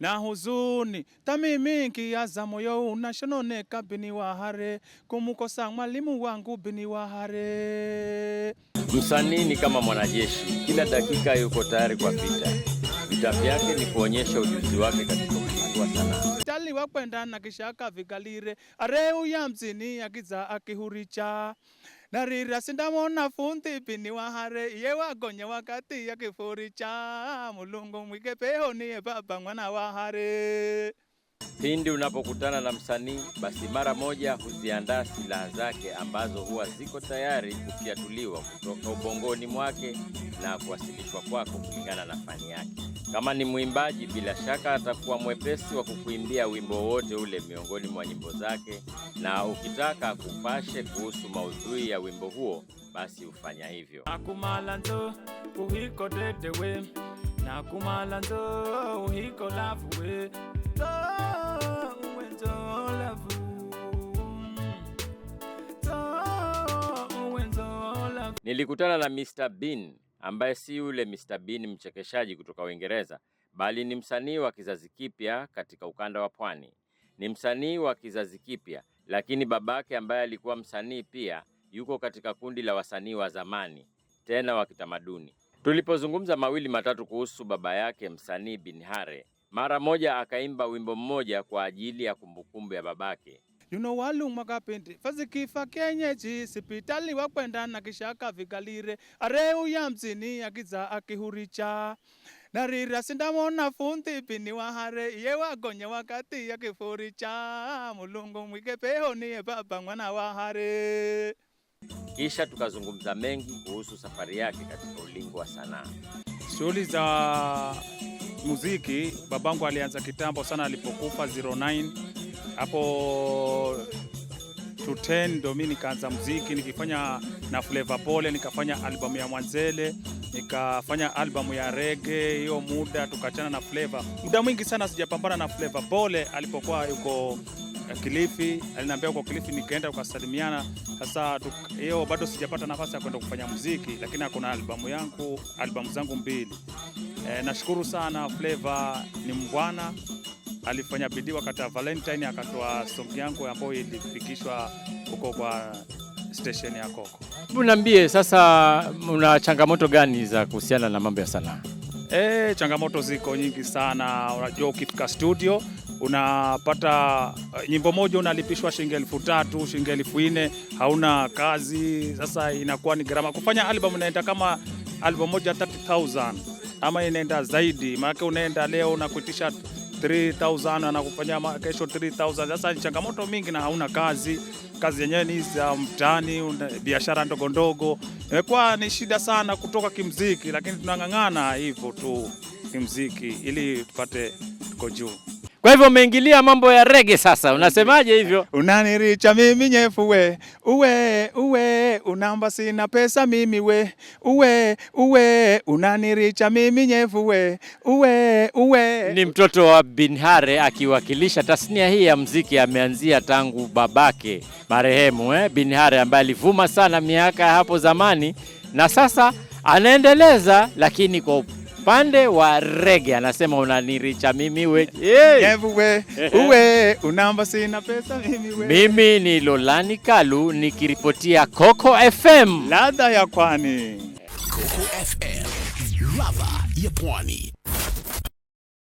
na huzuni tami mingi moyo unashononeka bini wahare kumukosa mwalimu wangu bini wahare. Msanii ni kama mwanajeshi, kila dakika yuko tayari kwa vita. Vita vyake ni kuonyesha ujuzi wake katika kuwa sanaa tali wakwenda na kishaka vikalire areu ya mzini akiza akihuricha narira sindamona funti pini wahare iye wagonye wakati ya kifuri cha Mulungu mwike peho niye baba mwana wahare. Pindi unapokutana na msanii basi mara moja huziandaa silaha zake ambazo huwa ziko tayari kufyatuliwa kutoka ubongoni mwake na kuwasilishwa kwako kulingana na fani yake. Kama ni mwimbaji, bila shaka atakuwa mwepesi wa kukuimbia wimbo wote ule miongoni mwa nyimbo zake, na ukitaka kupashe kuhusu maudhui ya wimbo huo, basi hufanya hivyo. akumala nzo uhiko tetewe na akumala nzo uhiko lavuwe Nilikutana na Mr Bean ambaye si yule Mr Bean mchekeshaji kutoka Uingereza, bali ni msanii wa kizazi kipya katika ukanda wa pwani. Ni msanii wa kizazi kipya, lakini babake ambaye alikuwa msanii pia yuko katika kundi la wasanii wa zamani tena wa kitamaduni. Tulipozungumza mawili matatu kuhusu baba yake msanii Bin Hare, mara moja akaimba wimbo mmoja kwa ajili ya kumbukumbu ya babake yuno walumwa kapindi fazikifa chi sipitali wakwenda na kisha vikalire areu ya mzini akiza akihuricha narira sindamona fundi pini wahare iye wagonya wakati ya mulungu mwike peho niye baba mwana wahare kisha tukazungumza mengi kuhusu safari yake katika ulingo wa sanaa. Shughuli za muziki babangu alianza kitambo sana, alipokufa 09 hapo 2010 ndo mi nikaanza mziki nikifanya na Flavor Pole, nikafanya albamu ya Mwanzele, nikafanya albamu ya rege. Hiyo muda tukachana na Flavor. muda mwingi sana sijapambana na Flavor Pole alipokuwa yuko Kilifi, aliniambia uko Kilifi, nikaenda ukasalimiana. Sasa hiyo bado sijapata nafasi ya kwenda kufanya muziki, lakini akona albamu yangu, albamu zangu mbili E, nashukuru sana flava ni mbwana, alifanya bidii wakati wa Valentine akatoa song yangu ambayo ilifikishwa huko kwa station ya Koko. Hebu niambie sasa, una changamoto gani za kuhusiana na mambo ya sanaa? E, changamoto ziko nyingi sana. Unajua, ukifika studio unapata eh, nyimbo moja unalipishwa shilingi elfu tatu shilingi elfu nne hauna kazi. Sasa inakuwa ni gharama kufanya album, inaenda kama album moja 30000 ama inaenda zaidi, maanake unaenda leo unakuitisha 3000 anakufanyia kesho 3000. Sasa ni changamoto mingi na hauna kazi. Kazi yenyewe ni za mtaani, biashara ndogo ndogo, imekuwa ni shida sana kutoka kimziki, lakini tunang'ang'ana hivyo tu kimziki ili tupate tuko juu. Kwa hivyo umeingilia mambo ya rege sasa, unasemaje hivyo? Unaniricha mimi nyefuwe uwe uwe unamba sina pesa mimi we uwe uwe unaniricha mimi nyevu we uwe uwe. Ni mtoto wa Binhare akiwakilisha tasnia hii ya mziki. Ameanzia tangu babake marehemu eh, Binhare ambaye alivuma sana miaka ya hapo zamani na sasa anaendeleza lakini kwa upande wa rege anasema unaniricha mimi we, hey. uwe, uwe, unamba sina pesa mimi we. Mimi ni Lolani Kalu nikiripotia Coco FM ladha ya kwani. Coco FM ladha ya pwani.